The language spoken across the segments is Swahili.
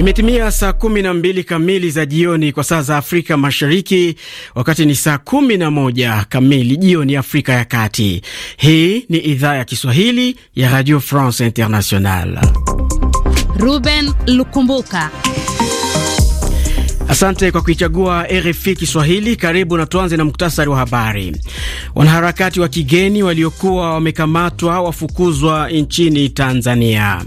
Imetimia saa kumi na mbili kamili za jioni kwa saa za Afrika Mashariki, wakati ni saa kumi na moja kamili jioni Afrika ya Kati. Hii ni idhaa ya Kiswahili ya Radio France international Ruben Lukumbuka Asante kwa kuichagua RFI Kiswahili. Karibu na tuanze na muktasari wa habari. Wanaharakati wa kigeni waliokuwa wamekamatwa wafukuzwa nchini Tanzania.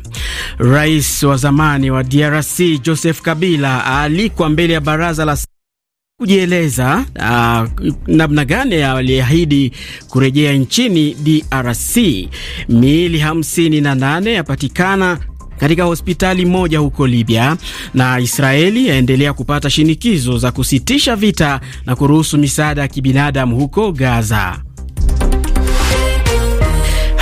Rais wa zamani wa DRC Joseph Kabila aalikwa mbele ya baraza la kujieleza namna gani aliahidi kurejea nchini DRC. Miili 58 yapatikana katika hospitali moja huko Libya, na Israeli yaendelea kupata shinikizo za kusitisha vita na kuruhusu misaada ya kibinadamu huko Gaza.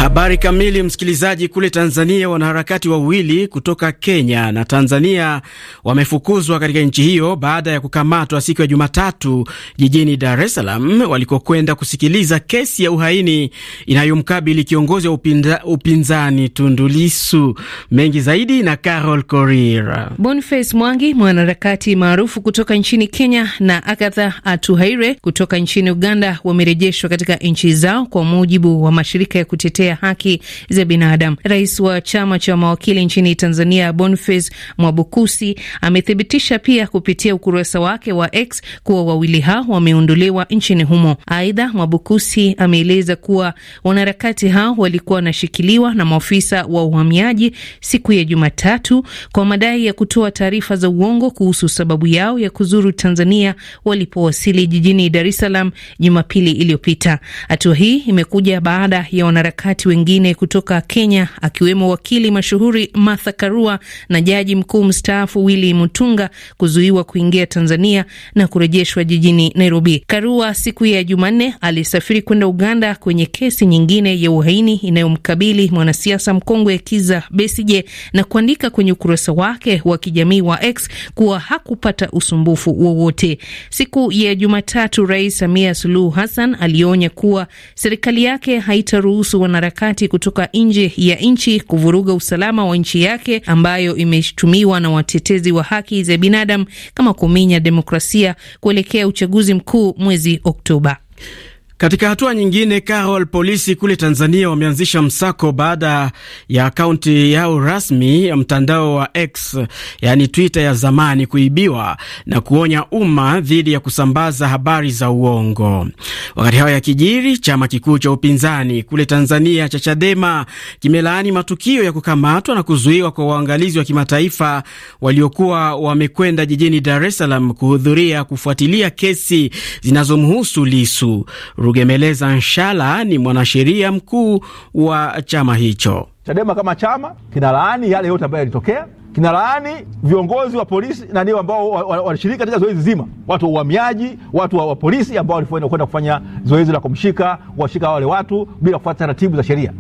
Habari kamili, msikilizaji. Kule Tanzania, wanaharakati wawili kutoka Kenya na Tanzania wamefukuzwa katika nchi hiyo baada ya kukamatwa siku ya Jumatatu jijini Dar es Salaam walikokwenda kusikiliza kesi ya uhaini inayomkabili kiongozi wa upinza, upinzani tundulisu Mengi zaidi na Carol Corira. Boniface Mwangi, mwanaharakati maarufu kutoka nchini Kenya, na Agatha Atuhaire kutoka nchini Uganda wamerejeshwa katika nchi zao kwa mujibu wa mashirika ya kutetea kutetea haki za binadamu. Rais wa chama cha mawakili nchini Tanzania, Boniface Mwabukusi, amethibitisha pia kupitia ukurasa wake wa X kuwa wawili hao wameondolewa nchini humo. Aidha, Mwabukusi ameeleza kuwa wanaharakati hao walikuwa wanashikiliwa na maofisa wa uhamiaji siku ya Jumatatu kwa madai ya kutoa taarifa za uongo kuhusu sababu yao ya kuzuru Tanzania walipowasili jijini Dar es Salaam Jumapili iliyopita. Hatua hii imekuja baada ya wanaharakati wanaharakati wengine kutoka Kenya, akiwemo wakili mashuhuri Martha Karua na jaji mkuu mstaafu Willy Mutunga kuzuiwa kuingia Tanzania na kurejeshwa jijini Nairobi. Karua siku ya Jumanne alisafiri kwenda Uganda kwenye kesi nyingine ya uhaini inayomkabili mwanasiasa mkongwe Kiza Besije na kuandika kwenye ukurasa wake wa kijamii wa X kuwa hakupata usumbufu wowote. Siku ya Jumatatu, Rais Samia Suluhu Hassan alionya kuwa serikali yake haitaruhusu wanara wanaharakati kutoka nje ya nchi kuvuruga usalama wa nchi yake ambayo imeshutumiwa na watetezi wa haki za binadamu kama kuminya demokrasia kuelekea uchaguzi mkuu mwezi Oktoba. Katika hatua nyingine, Carol, polisi kule Tanzania wameanzisha msako baada ya akaunti yao rasmi ya mtandao wa X, yaani Twitter ya zamani, kuibiwa na kuonya umma dhidi ya kusambaza habari za uongo. Wakati hayo yakijiri, chama kikuu cha upinzani kule Tanzania cha Chadema kimelaani matukio ya kukamatwa na kuzuiwa kwa waangalizi wa kimataifa waliokuwa wamekwenda jijini Dar es Salaam kuhudhuria kufuatilia kesi zinazomhusu Lisu. Rugemeleza Nshala ni mwanasheria mkuu wa chama hicho. Chadema kama chama kinalaani yale yote ambayo yalitokea, kinalaani viongozi wa polisi nani ambao walishiriki katika zoezi zima, watu wa uhamiaji, watu wa polisi ambao kwenda kufanya zoezi la kumshika kuwashika wale watu bila kufuata taratibu za sheria.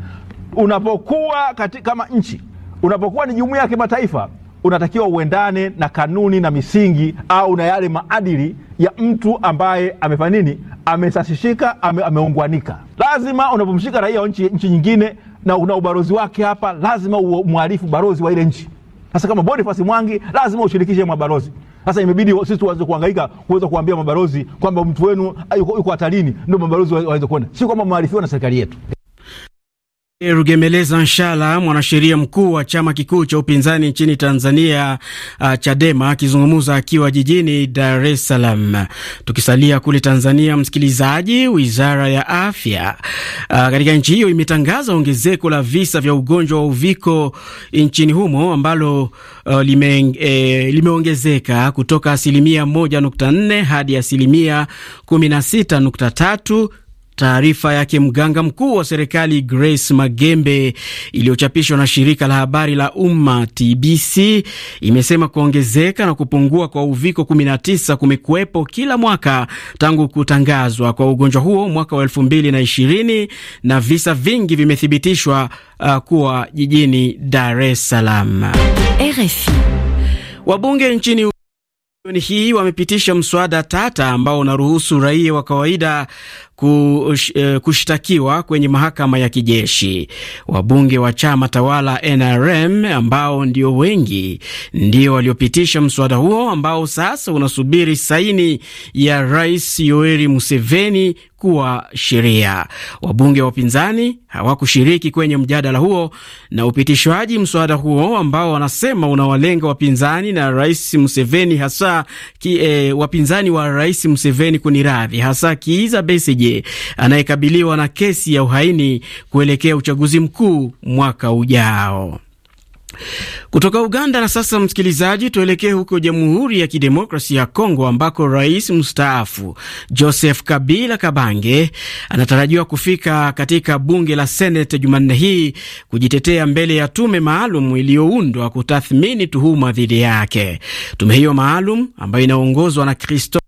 Unapokuwa kama nchi, unapokuwa ni jumuiya ya kimataifa unatakiwa uendane na kanuni na misingi au na yale maadili ya mtu ambaye amefanya nini, amesasishika, ame, ameungwanika. Lazima unapomshika raia wa nchi, nchi nyingine na una ubalozi wake hapa, lazima umwarifu balozi wa ile nchi. Sasa kama Boniface Mwangi, lazima ushirikishe mabalozi. Sasa imebidi sisi tuanze kuhangaika kuweza kuambia mabalozi kwamba mtu wenu yuko hatarini, ndio mabalozi waweze kuona, si kwamba mwarifiwa na serikali yetu. Rugemeleza Nshala, mwanasheria mkuu wa chama kikuu cha upinzani nchini Tanzania, uh, Chadema, akizungumza akiwa jijini Dar es Salaam. Tukisalia kule Tanzania, msikilizaji, wizara ya afya uh, katika nchi hiyo imetangaza ongezeko la visa vya ugonjwa wa uviko nchini humo ambalo uh, lime, eh, limeongezeka kutoka asilimia 1.4 hadi asilimia 16.3 Taarifa yake mganga mkuu wa serikali Grace Magembe iliyochapishwa na shirika la habari la umma TBC imesema kuongezeka na kupungua kwa uviko 19 kumekuwepo kila mwaka tangu kutangazwa kwa ugonjwa huo mwaka wa 220 na visa vingi vimethibitishwa uh, kuwa jijini Dar es Salaam. RFI. Wabunge nchini Jioni hii wamepitisha mswada tata ambao unaruhusu raia wa kawaida kush, eh, kushtakiwa kwenye mahakama ya kijeshi. Wabunge wa chama tawala NRM ambao ndio wengi ndio waliopitisha mswada huo ambao sasa unasubiri saini ya Rais Yoweri Museveni kuwa sheria. Wabunge wa upinzani hawakushiriki kwenye mjadala huo na upitishwaji mswada huo ambao wanasema unawalenga wapinzani na Rais Museveni hasa ki, e, wapinzani wa Rais Museveni kuniradhi, hasa Kiiza Besigye anayekabiliwa na kesi ya uhaini kuelekea uchaguzi mkuu mwaka ujao. Kutoka Uganda na sasa, msikilizaji, tuelekee huko Jamhuri ya Kidemokrasia ya Kongo ambako rais mstaafu Joseph Kabila Kabange anatarajiwa kufika katika bunge la Senate Jumanne hii kujitetea mbele ya tume maalum iliyoundwa kutathmini tuhuma dhidi yake. Tume hiyo maalum ambayo inaongozwa na Kristo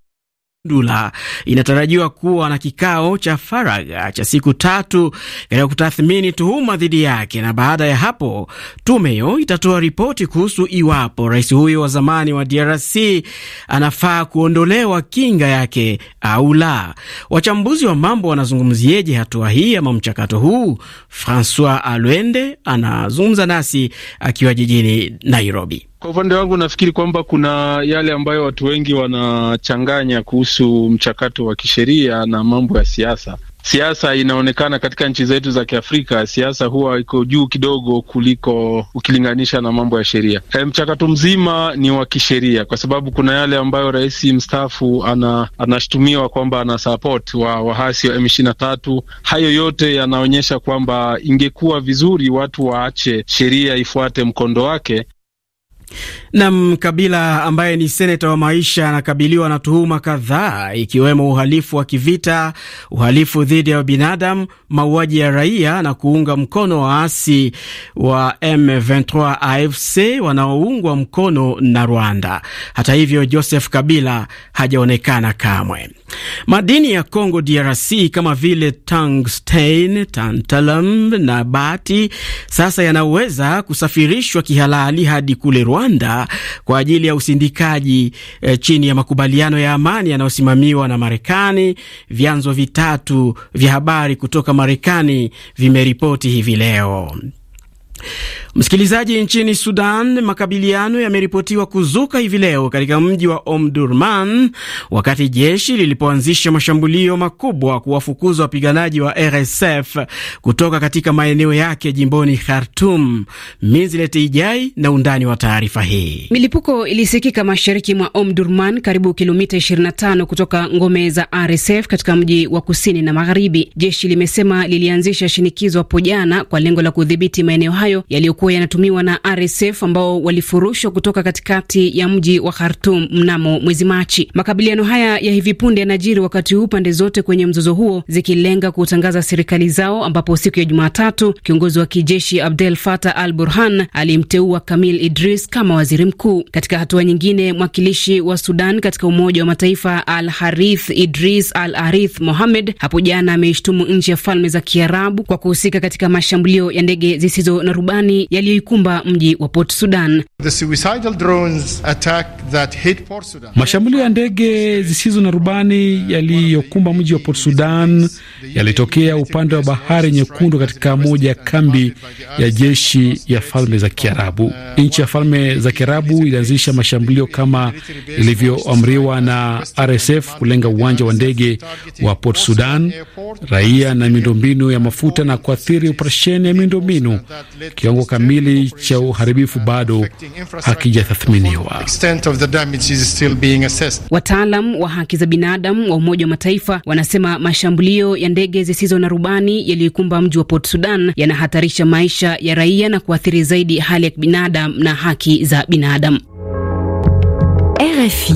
Dula inatarajiwa kuwa na kikao cha faragha cha siku tatu katika kutathmini tuhuma dhidi yake, na baada ya hapo tume hiyo itatoa ripoti kuhusu iwapo rais huyo wa zamani wa DRC anafaa kuondolewa kinga yake au la. Wachambuzi wa mambo wanazungumzieje hatua hii ama mchakato huu? Francois Alwende anazungumza nasi akiwa jijini Nairobi. Kwa upande wangu nafikiri kwamba kuna yale ambayo watu wengi wanachanganya kuhusu mchakato wa kisheria na mambo ya siasa. Siasa inaonekana katika nchi zetu za Kiafrika, siasa huwa iko juu kidogo kuliko ukilinganisha na mambo ya sheria. E, mchakato mzima ni wa kisheria, kwa sababu kuna yale ambayo rais mstaafu ana, anashutumiwa kwamba ana support wa wahasi wa M23. Hayo yote yanaonyesha kwamba ingekuwa vizuri watu waache sheria ifuate mkondo wake Nam Kabila ambaye ni seneta wa maisha anakabiliwa na tuhuma kadhaa ikiwemo uhalifu wa kivita, uhalifu dhidi ya binadamu, mauaji ya raia na kuunga mkono waasi wa M23 AFC wanaoungwa mkono na Rwanda. Hata hivyo, Joseph Kabila hajaonekana kamwe. Madini ya Congo DRC kama vile tungsten, tantalum na bati sasa yanaweza kusafirishwa kihalali hadi kule Rwanda kwa ajili ya usindikaji eh, chini ya makubaliano ya amani yanayosimamiwa na Marekani. Vyanzo vitatu vya habari kutoka Marekani vimeripoti hivi leo. Msikilizaji, nchini Sudan makabiliano yameripotiwa kuzuka hivi leo katika mji wa Omdurman wakati jeshi lilipoanzisha mashambulio makubwa kuwafukuza wapiganaji wa RSF kutoka katika maeneo yake jimboni Khartum. Minzilete Ijai na undani wa taarifa hii. Milipuko ilisikika mashariki mwa Omdurman, karibu kilomita 25 kutoka ngome za RSF katika mji wa kusini na magharibi. Jeshi limesema lilianzisha shinikizo hapo jana kwa lengo la kudhibiti maeneo hayo hayo yaliyokuwa yanatumiwa na RSF ambao walifurushwa kutoka katikati ya mji wa khartum mnamo mwezi Machi. Makabiliano haya ya hivi punde yanajiri wakati huu pande zote kwenye mzozo huo zikilenga kutangaza serikali zao, ambapo siku ya Jumatatu kiongozi wa kijeshi Abdel Fattah al Burhan alimteua Kamil Idris kama waziri mkuu. Katika hatua nyingine, mwakilishi wa Sudan katika Umoja wa Mataifa al Harith Idris al Arith Mohamed hapo jana ameishtumu nchi ya Falme za Kiarabu kwa kuhusika katika mashambulio ya ndege zisizo na rubani yaliyoikumba mji wa Port Sudan. Mashambulio ya ndege zisizo na rubani yaliyokumba mji wa Port Sudan yalitokea upande wa bahari nyekundu katika moja ya kambi ya jeshi ya falme za Kiarabu. Nchi ya falme za Kiarabu ilianzisha mashambulio kama ilivyoamriwa na RSF kulenga uwanja wa ndege wa Port Sudan, raia na miundombinu ya mafuta na kuathiri operesheni ya miundombinu. Kiwango kamili cha uharibifu bado hakijatathminiwa. Wataalam wa haki za binadamu wa Umoja wa Mataifa wanasema mashambulio ya ndege zisizo na rubani yaliyokumba mji wa Port Sudan yanahatarisha maisha ya raia na kuathiri zaidi hali ya kibinadamu na haki za binadamu. RFI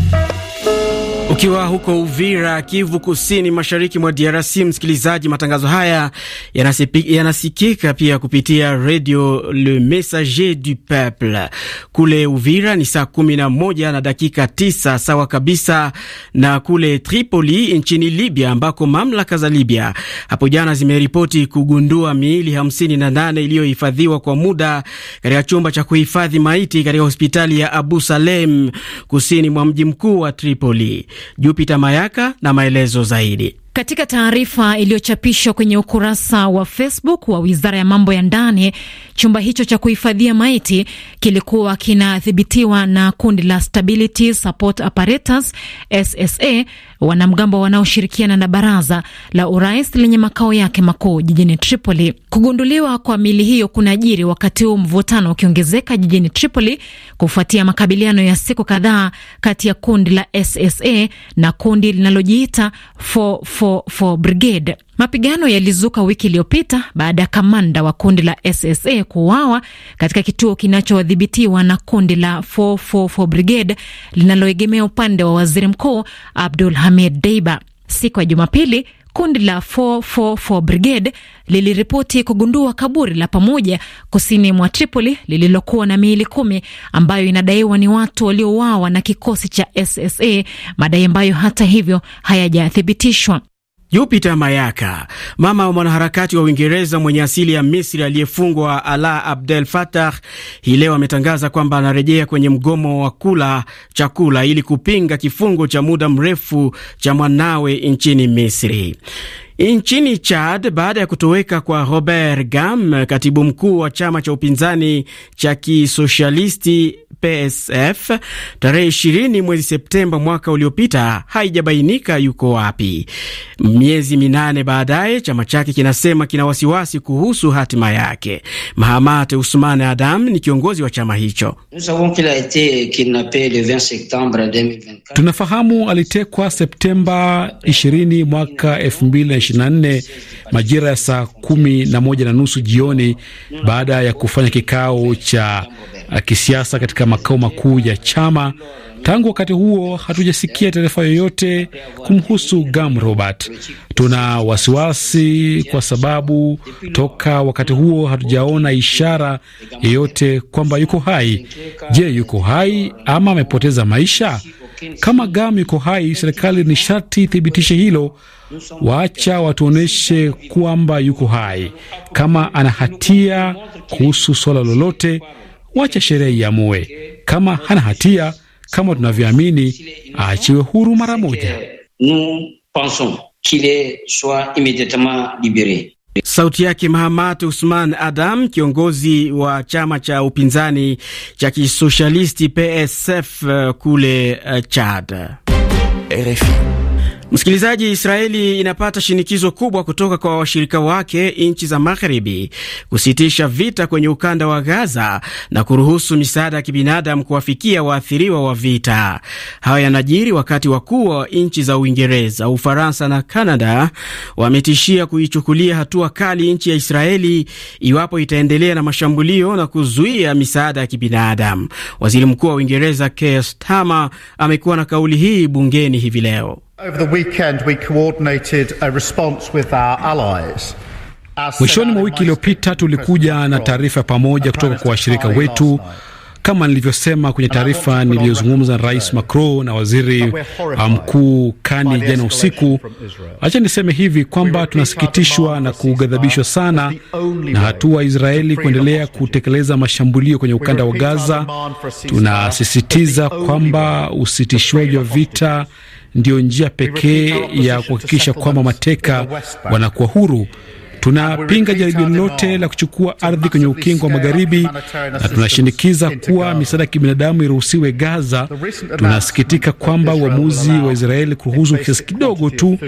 ukiwa huko Uvira, Kivu Kusini, mashariki mwa DRC, msikilizaji, matangazo haya yanasikika pia kupitia redio Le Messager du Peuple. Kule Uvira ni saa 11 na dakika 9, sawa kabisa na kule Tripoli nchini Libya, ambako mamlaka za Libya hapo jana zimeripoti kugundua miili 58 iliyohifadhiwa kwa muda katika chumba cha kuhifadhi maiti katika hospitali ya Abu Salem kusini mwa mji mkuu wa Tripoli. Jupiter Mayaka na maelezo zaidi. Katika taarifa iliyochapishwa kwenye ukurasa wa Facebook wa Wizara ya Mambo ya Ndani, chumba hicho cha kuhifadhia maiti kilikuwa kinadhibitiwa na kundi la Stability Support Apparatus SSA, wanamgambo wanaoshirikiana na Baraza la Urais lenye makao yake makuu jijini Tripoli. Kugunduliwa kwa mili hiyo kunajiri wakati huu mvutano ukiongezeka jijini Tripoli kufuatia makabiliano ya siku kadhaa kati ya kundi la SSA na kundi linalojiita 444 Brigade. Mapigano yalizuka wiki iliyopita baada ya kamanda wa kundi la SSA kuuawa katika kituo kinachodhibitiwa na kundi la 444 Brigade linaloegemea upande wa waziri mkuu Abdul Hamid Deiba. Siku ya Jumapili, kundi la 444 Brigade liliripoti kugundua kaburi la pamoja kusini mwa Tripoli lililokuwa na miili kumi ambayo inadaiwa ni watu waliouawa na kikosi cha SSA, madai ambayo hata hivyo hayajathibitishwa. Jupiter Mayaka, mama wa mwanaharakati wa Uingereza mwenye asili ya Misri aliyefungwa Ala Abdel Fattah, hii leo ametangaza kwamba anarejea kwenye mgomo wa kula chakula ili kupinga kifungo cha muda mrefu cha mwanawe nchini Misri. Nchini Chad, baada ya kutoweka kwa Robert Gam, katibu mkuu wa chama cha upinzani cha kisosialisti PSF tarehe 20 mwezi Septemba mwaka uliopita, haijabainika yuko wapi. Miezi minane baadaye, chama chake kinasema kina wasiwasi kuhusu hatima yake. Mahamat Usman Adam ni kiongozi wa chama hicho. Tunafahamu alitekwa Septemba 20 mwaka 24 majira ya saa kumi na moja na nusu jioni baada ya kufanya kikao cha kisiasa katika makao makuu ya chama. Tangu wakati huo hatujasikia taarifa yoyote kumhusu Gam Robert. Tuna wasiwasi kwa sababu toka wakati huo hatujaona ishara yoyote kwamba yuko hai. Je, yuko hai ama amepoteza maisha? Kama Gam yuko hai, serikali ni sharti thibitishe hilo. Waacha watuonyeshe kwamba yuko hai. Kama ana hatia kuhusu swala lolote, wacha sherehe iamue. Kama hana hatia, kama tunavyoamini, aachiwe huru mara moja. Sauti yake Mahamat Usman Adam, kiongozi wa chama cha upinzani cha kisoshalisti PSF uh, kule uh, Chad. RFI. Msikilizaji, Israeli inapata shinikizo kubwa kutoka kwa washirika wake nchi za magharibi kusitisha vita kwenye ukanda wa Gaza na kuruhusu misaada ya kibinadamu kuwafikia waathiriwa wa vita. Haya yanajiri wakati wakuu wa nchi za Uingereza, Ufaransa na Kanada wametishia kuichukulia hatua kali nchi ya Israeli iwapo itaendelea na mashambulio na kuzuia misaada ya kibinadamu. Waziri Mkuu wa Uingereza Keir Starmer amekuwa na kauli hii bungeni hivi leo. Mwishoni mwa wiki iliyopita tulikuja na taarifa pamoja kutoka kwa washirika wetu. Kama nilivyosema kwenye taarifa niliyozungumza na Rais Macron na waziri mkuu Kani jana usiku, acha niseme hivi kwamba tunasikitishwa na kughadhabishwa sana na hatua Israeli kuendelea kutekeleza mashambulio kwenye ukanda wa Gaza. Tunasisitiza kwamba usitishwaji wa vita ndiyo njia pekee ya kuhakikisha kwamba mateka wanakuwa huru. Tunapinga jaribio lote la kuchukua ardhi kwenye ukingo wa magharibi na tunashinikiza kuwa misaada ya kibinadamu iruhusiwe Gaza. Tunasikitika kwamba uamuzi wa Israeli kuruhusu kiasi kidogo tu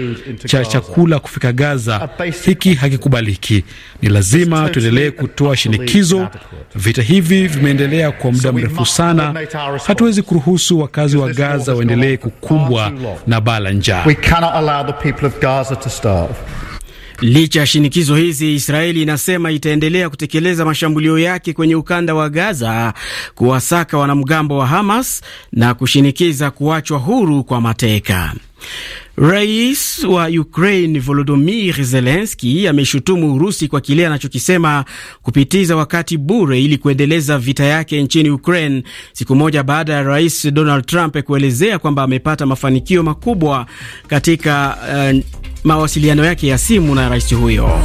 cha chakula kufika Gaza, hiki hakikubaliki. Ni lazima tuendelee kutoa shinikizo. Vita hivi vimeendelea kwa muda mrefu sana. Hatuwezi kuruhusu wakazi wa Gaza waendelee kukumbwa na baa njaa. Licha ya shinikizo hizi, Israeli inasema itaendelea kutekeleza mashambulio yake kwenye ukanda wa Gaza, kuwasaka wanamgambo wa Hamas na kushinikiza kuachwa huru kwa mateka. Rais wa Ukraine Volodymyr Zelensky ameshutumu Urusi kwa kile anachokisema kupitiza wakati bure ili kuendeleza vita yake nchini Ukraine, siku moja baada ya Rais Donald Trump kuelezea kwamba amepata mafanikio makubwa katika uh, mawasiliano yake ya simu na rais huyo.